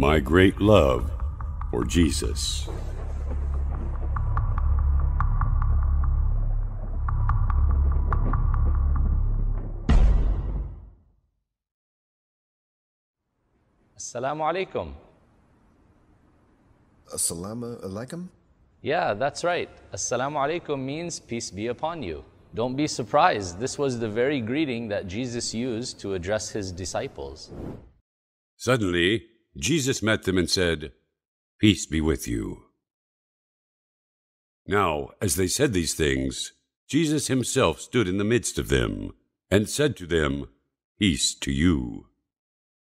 my great love for Jesus. Assalamu alaikum. Assalamu alaikum? Yeah, that's right. Assalamu alaikum means peace be upon you. Don't be surprised. This was the very greeting that Jesus used to address his disciples. Suddenly, Jesus met them and said, Peace be with you. Now, as they said these things, Jesus himself stood in the midst of them, and said to them, Peace to you.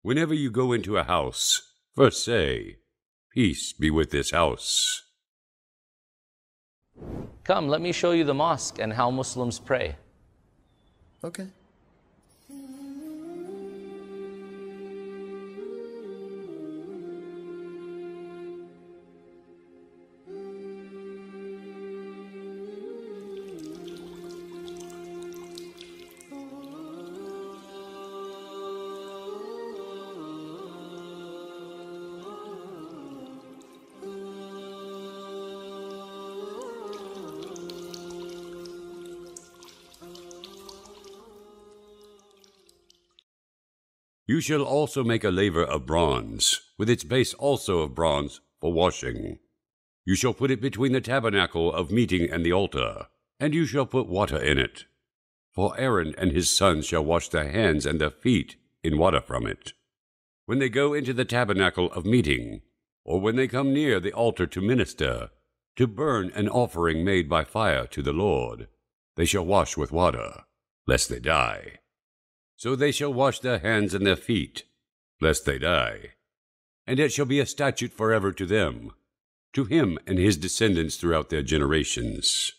Whenever you go into a house, first say, Peace be with this house. Come, let me show you the mosque and how Muslims pray. Okay. You shall also make a laver of bronze, with its base also of bronze, for washing. You shall put it between the tabernacle of meeting and the altar, and you shall put water in it. For Aaron and his sons shall wash their hands and their feet in water from it. When they go into the tabernacle of meeting, or when they come near the altar to minister, to burn an offering made by fire to the Lord, they shall wash with water, lest they die so they shall wash their hands and their feet, lest they die. And it shall be a statute forever to them, to him and his descendants throughout their generations.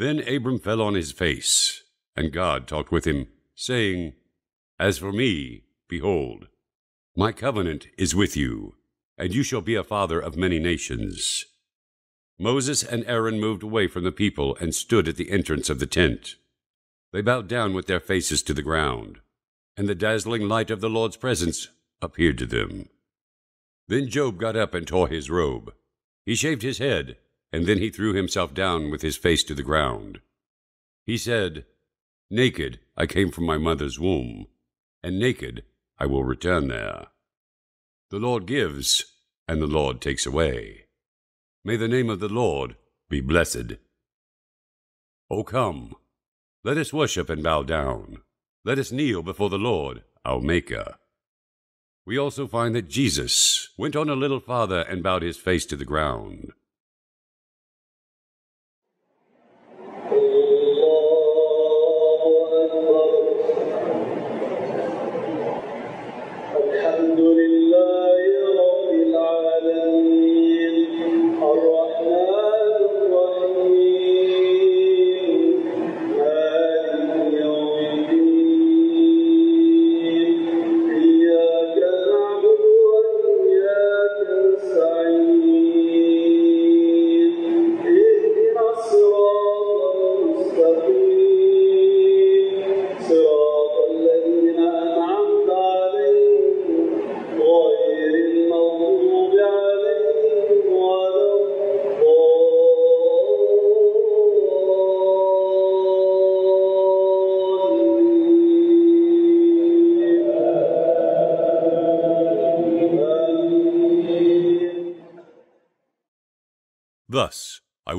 Then Abram fell on his face, and God talked with him, saying, As for me, behold, my covenant is with you, and you shall be a father of many nations. Moses and Aaron moved away from the people and stood at the entrance of the tent. They bowed down with their faces to the ground, and the dazzling light of the Lord's presence appeared to them. Then Job got up and tore his robe. He shaved his head and then he threw himself down with his face to the ground. He said, Naked I came from my mother's womb, and naked I will return there. The Lord gives, and the Lord takes away. May the name of the Lord be blessed. O come, let us worship and bow down. Let us kneel before the Lord, our Maker. We also find that Jesus went on a little farther and bowed his face to the ground.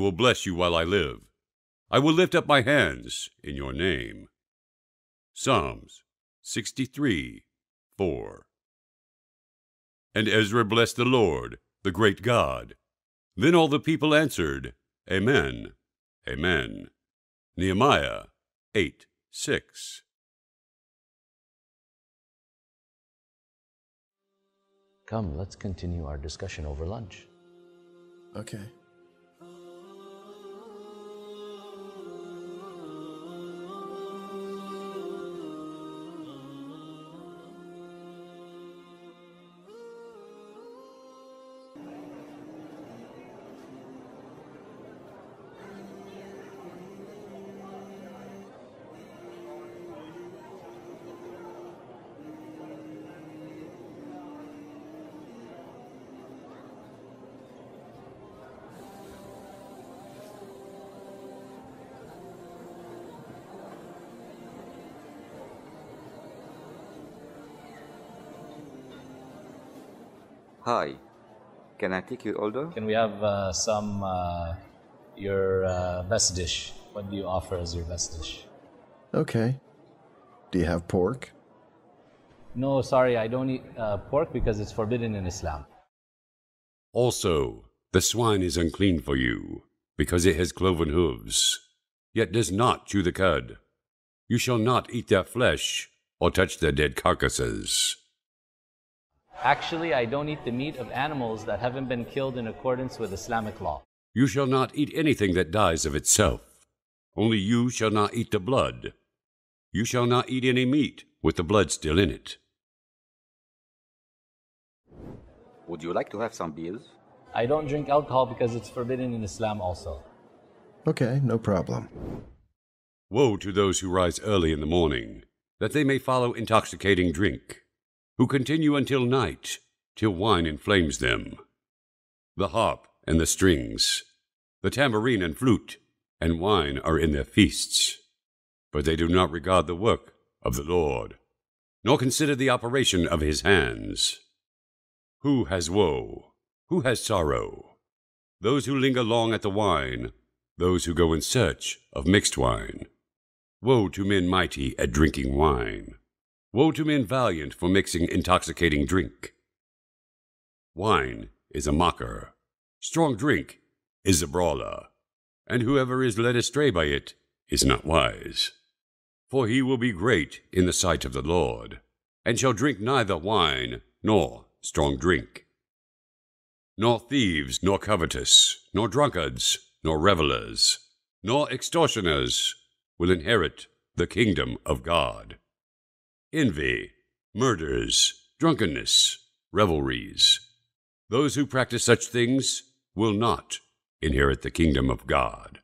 will bless you while I live. I will lift up my hands in your name. Psalms 63, 4. And Ezra blessed the Lord, the great God. Then all the people answered, Amen, Amen. Nehemiah 8, 6. Come, let's continue our discussion over lunch. Okay. Hi, can I take your order? Can we have uh, some uh, your uh, best dish? What do you offer as your best dish? Okay. Do you have pork? No, sorry, I don't eat uh, pork because it's forbidden in Islam. Also, the swine is unclean for you because it has cloven hooves, yet does not chew the cud. You shall not eat their flesh or touch their dead carcasses. Actually, I don't eat the meat of animals that haven't been killed in accordance with Islamic law. You shall not eat anything that dies of itself. Only you shall not eat the blood. You shall not eat any meat with the blood still in it. Would you like to have some beers? I don't drink alcohol because it's forbidden in Islam also. Okay, no problem. Woe to those who rise early in the morning, that they may follow intoxicating drink who continue until night, till wine inflames them. The harp and the strings, the tambourine and flute, and wine are in their feasts. But they do not regard the work of the Lord, nor consider the operation of his hands. Who has woe? Who has sorrow? Those who linger long at the wine, those who go in search of mixed wine. Woe to men mighty at drinking wine, Woe to men valiant for mixing intoxicating drink. Wine is a mocker, strong drink is a brawler, and whoever is led astray by it is not wise. For he will be great in the sight of the Lord, and shall drink neither wine nor strong drink, nor thieves, nor covetous, nor drunkards, nor revelers, nor extortioners will inherit the kingdom of God envy, murders, drunkenness, revelries. Those who practice such things will not inherit the kingdom of God.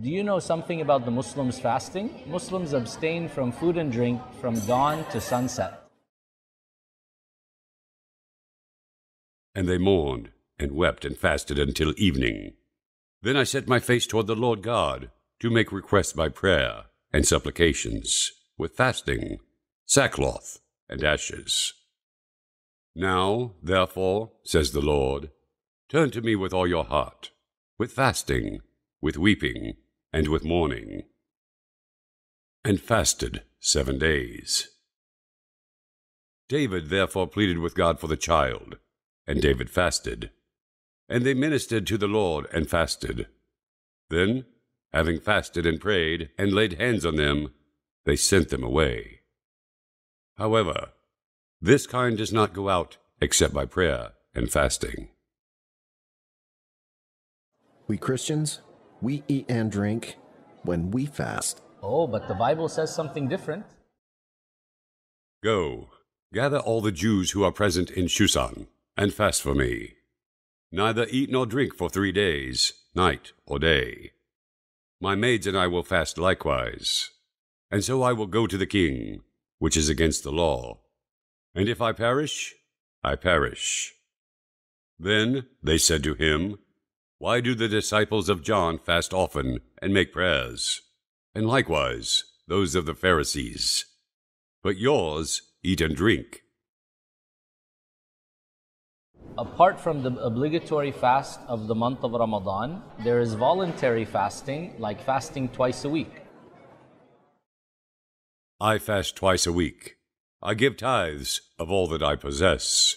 Do you know something about the Muslims fasting? Muslims abstain from food and drink from dawn to sunset. And they mourned and wept and fasted until evening. Then I set my face toward the Lord God to make request by prayer and supplications, with fasting, sackcloth, and ashes. Now, therefore, says the Lord, turn to me with all your heart, with fasting, with weeping, and with mourning. And fasted seven days. David therefore pleaded with God for the child, and David fasted. And they ministered to the Lord and fasted. Then having fasted and prayed, and laid hands on them, they sent them away. However, this kind does not go out except by prayer and fasting. We Christians, we eat and drink when we fast. Oh, but the Bible says something different. Go, gather all the Jews who are present in Shusan, and fast for me. Neither eat nor drink for three days, night or day. My maids and I will fast likewise. And so I will go to the king, which is against the law. And if I perish, I perish. Then they said to him, Why do the disciples of John fast often and make prayers? And likewise those of the Pharisees. But yours eat and drink apart from the obligatory fast of the month of Ramadan, there is voluntary fasting, like fasting twice a week. I fast twice a week. I give tithes of all that I possess.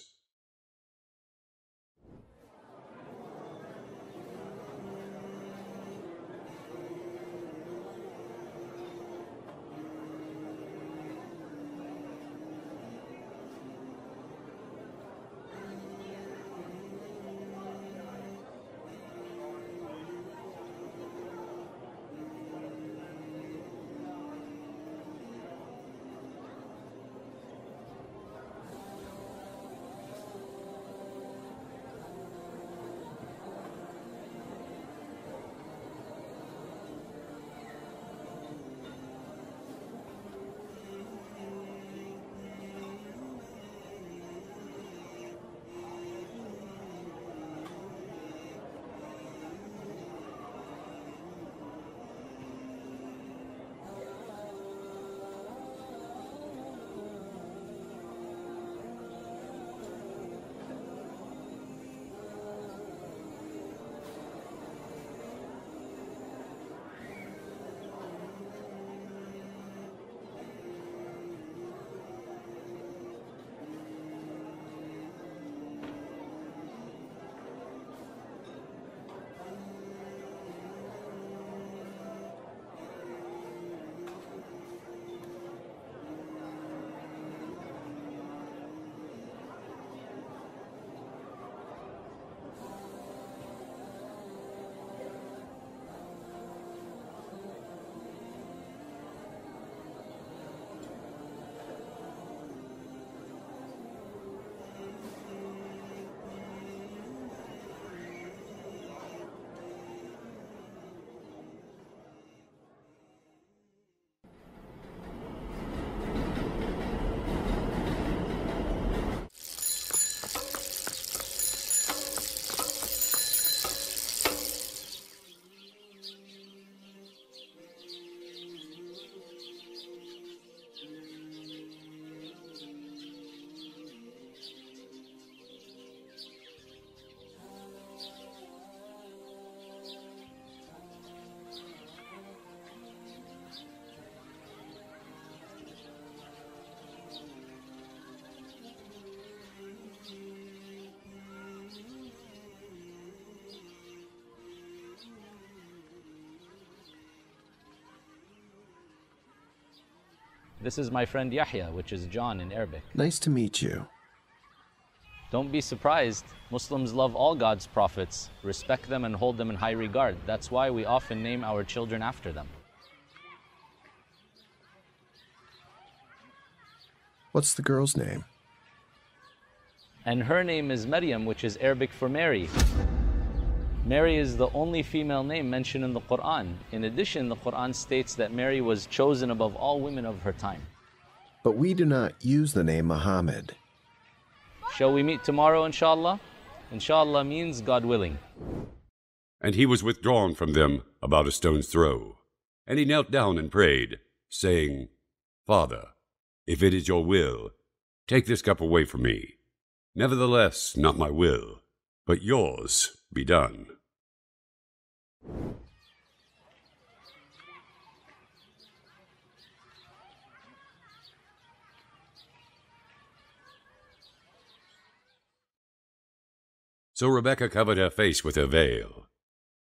This is my friend Yahya, which is John in Arabic. Nice to meet you. Don't be surprised. Muslims love all God's prophets, respect them, and hold them in high regard. That's why we often name our children after them. What's the girl's name? And her name is Maryam, which is Arabic for Mary. Mary is the only female name mentioned in the Quran. In addition, the Quran states that Mary was chosen above all women of her time. But we do not use the name Muhammad. Shall we meet tomorrow, inshallah? Inshallah means God willing. And he was withdrawn from them about a stone's throw. And he knelt down and prayed, saying, Father, if it is your will, take this cup away from me. Nevertheless, not my will, but yours be done. So Rebecca covered her face with her veil.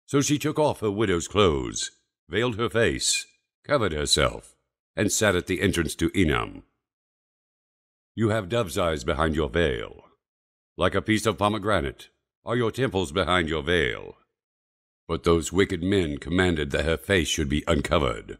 So she took off her widow's clothes, veiled her face, covered herself, and sat at the entrance to Enam. You have dove's eyes behind your veil. Like a piece of pomegranate are your temples behind your veil. But those wicked men commanded that her face should be uncovered.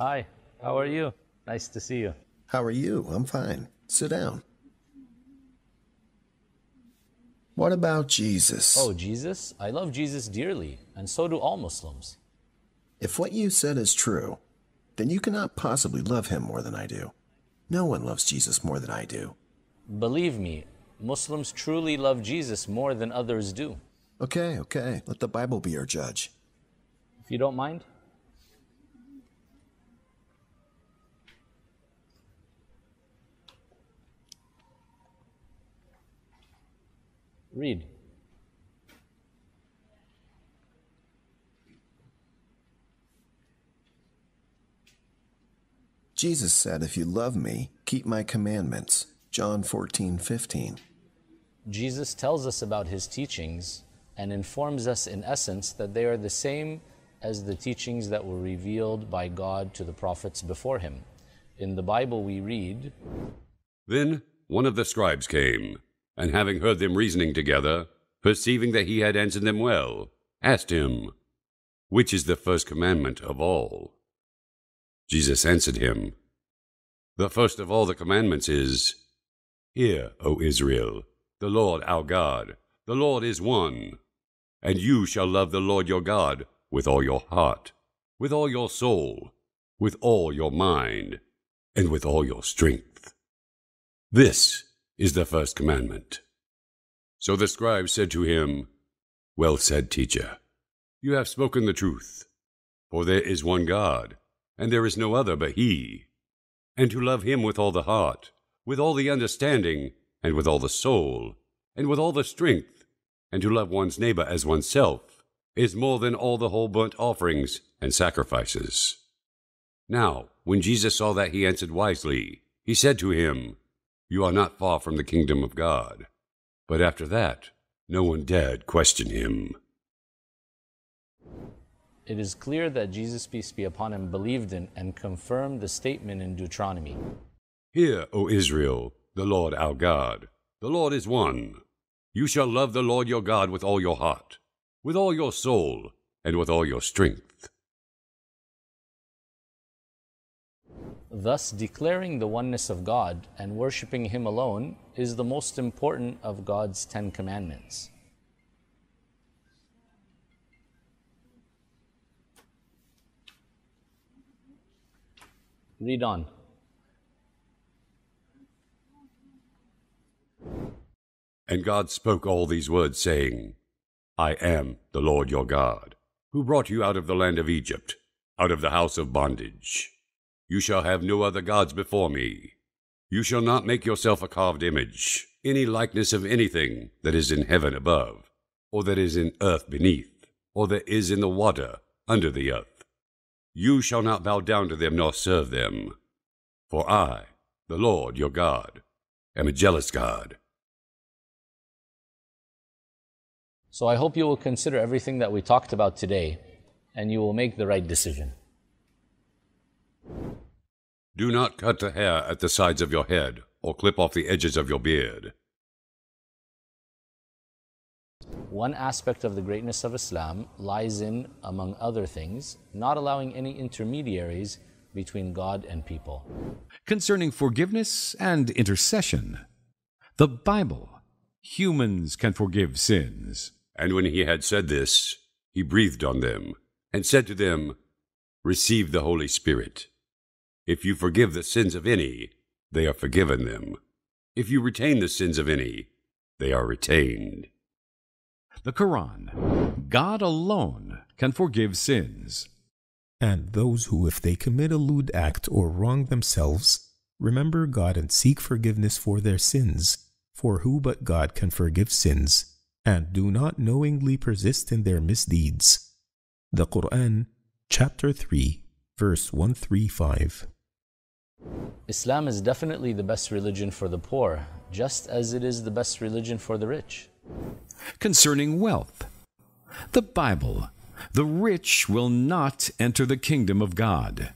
Hi, how are you? Nice to see you. How are you? I'm fine. Sit down. What about Jesus? Oh, Jesus? I love Jesus dearly, and so do all Muslims. If what you said is true, then you cannot possibly love him more than I do. No one loves Jesus more than I do. Believe me, Muslims truly love Jesus more than others do. Okay, okay. Let the Bible be your judge. If you don't mind. Read. Jesus said, If you love me, keep my commandments. John 14, 15. Jesus tells us about his teachings and informs us, in essence, that they are the same as the teachings that were revealed by God to the prophets before him. In the Bible, we read Then one of the scribes came and having heard them reasoning together, perceiving that he had answered them well, asked him, Which is the first commandment of all? Jesus answered him, The first of all the commandments is, Hear, O Israel, the Lord our God, the Lord is one. And you shall love the Lord your God with all your heart, with all your soul, with all your mind, and with all your strength. This is the first commandment. So the scribe said to him, Well said, teacher, you have spoken the truth. For there is one God, and there is no other but He. And to love Him with all the heart, with all the understanding, and with all the soul, and with all the strength, and to love one's neighbor as oneself, is more than all the whole burnt offerings and sacrifices. Now, when Jesus saw that he answered wisely, he said to him, you are not far from the kingdom of God. But after that, no one dared question him. It is clear that Jesus, peace be upon him, believed in and confirmed the statement in Deuteronomy Hear, O Israel, the Lord our God. The Lord is one. You shall love the Lord your God with all your heart, with all your soul, and with all your strength. Thus, declaring the oneness of God and worshipping Him alone is the most important of God's Ten Commandments. Read on. And God spoke all these words, saying, I am the Lord your God, who brought you out of the land of Egypt, out of the house of bondage. You shall have no other gods before me. You shall not make yourself a carved image, any likeness of anything that is in heaven above, or that is in earth beneath, or that is in the water under the earth. You shall not bow down to them nor serve them. For I, the Lord your God, am a jealous God. So I hope you will consider everything that we talked about today and you will make the right decision. Do not cut the hair at the sides of your head, or clip off the edges of your beard. One aspect of the greatness of Islam lies in, among other things, not allowing any intermediaries between God and people. Concerning forgiveness and intercession, the Bible, humans can forgive sins. And when he had said this, he breathed on them and said to them, Receive the Holy Spirit. If you forgive the sins of any, they are forgiven them. If you retain the sins of any, they are retained. The Quran God alone can forgive sins. And those who, if they commit a lewd act or wrong themselves, remember God and seek forgiveness for their sins. For who but God can forgive sins, and do not knowingly persist in their misdeeds? The Quran, chapter 3, verse 135. Islam is definitely the best religion for the poor, just as it is the best religion for the rich. Concerning wealth, the Bible, the rich will not enter the kingdom of God.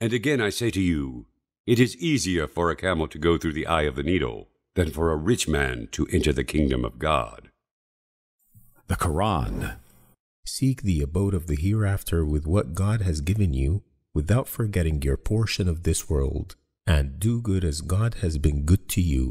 And again I say to you, it is easier for a camel to go through the eye of the needle than for a rich man to enter the kingdom of God. The Quran Seek the abode of the hereafter with what God has given you without forgetting your portion of this world, and do good as God has been good to you.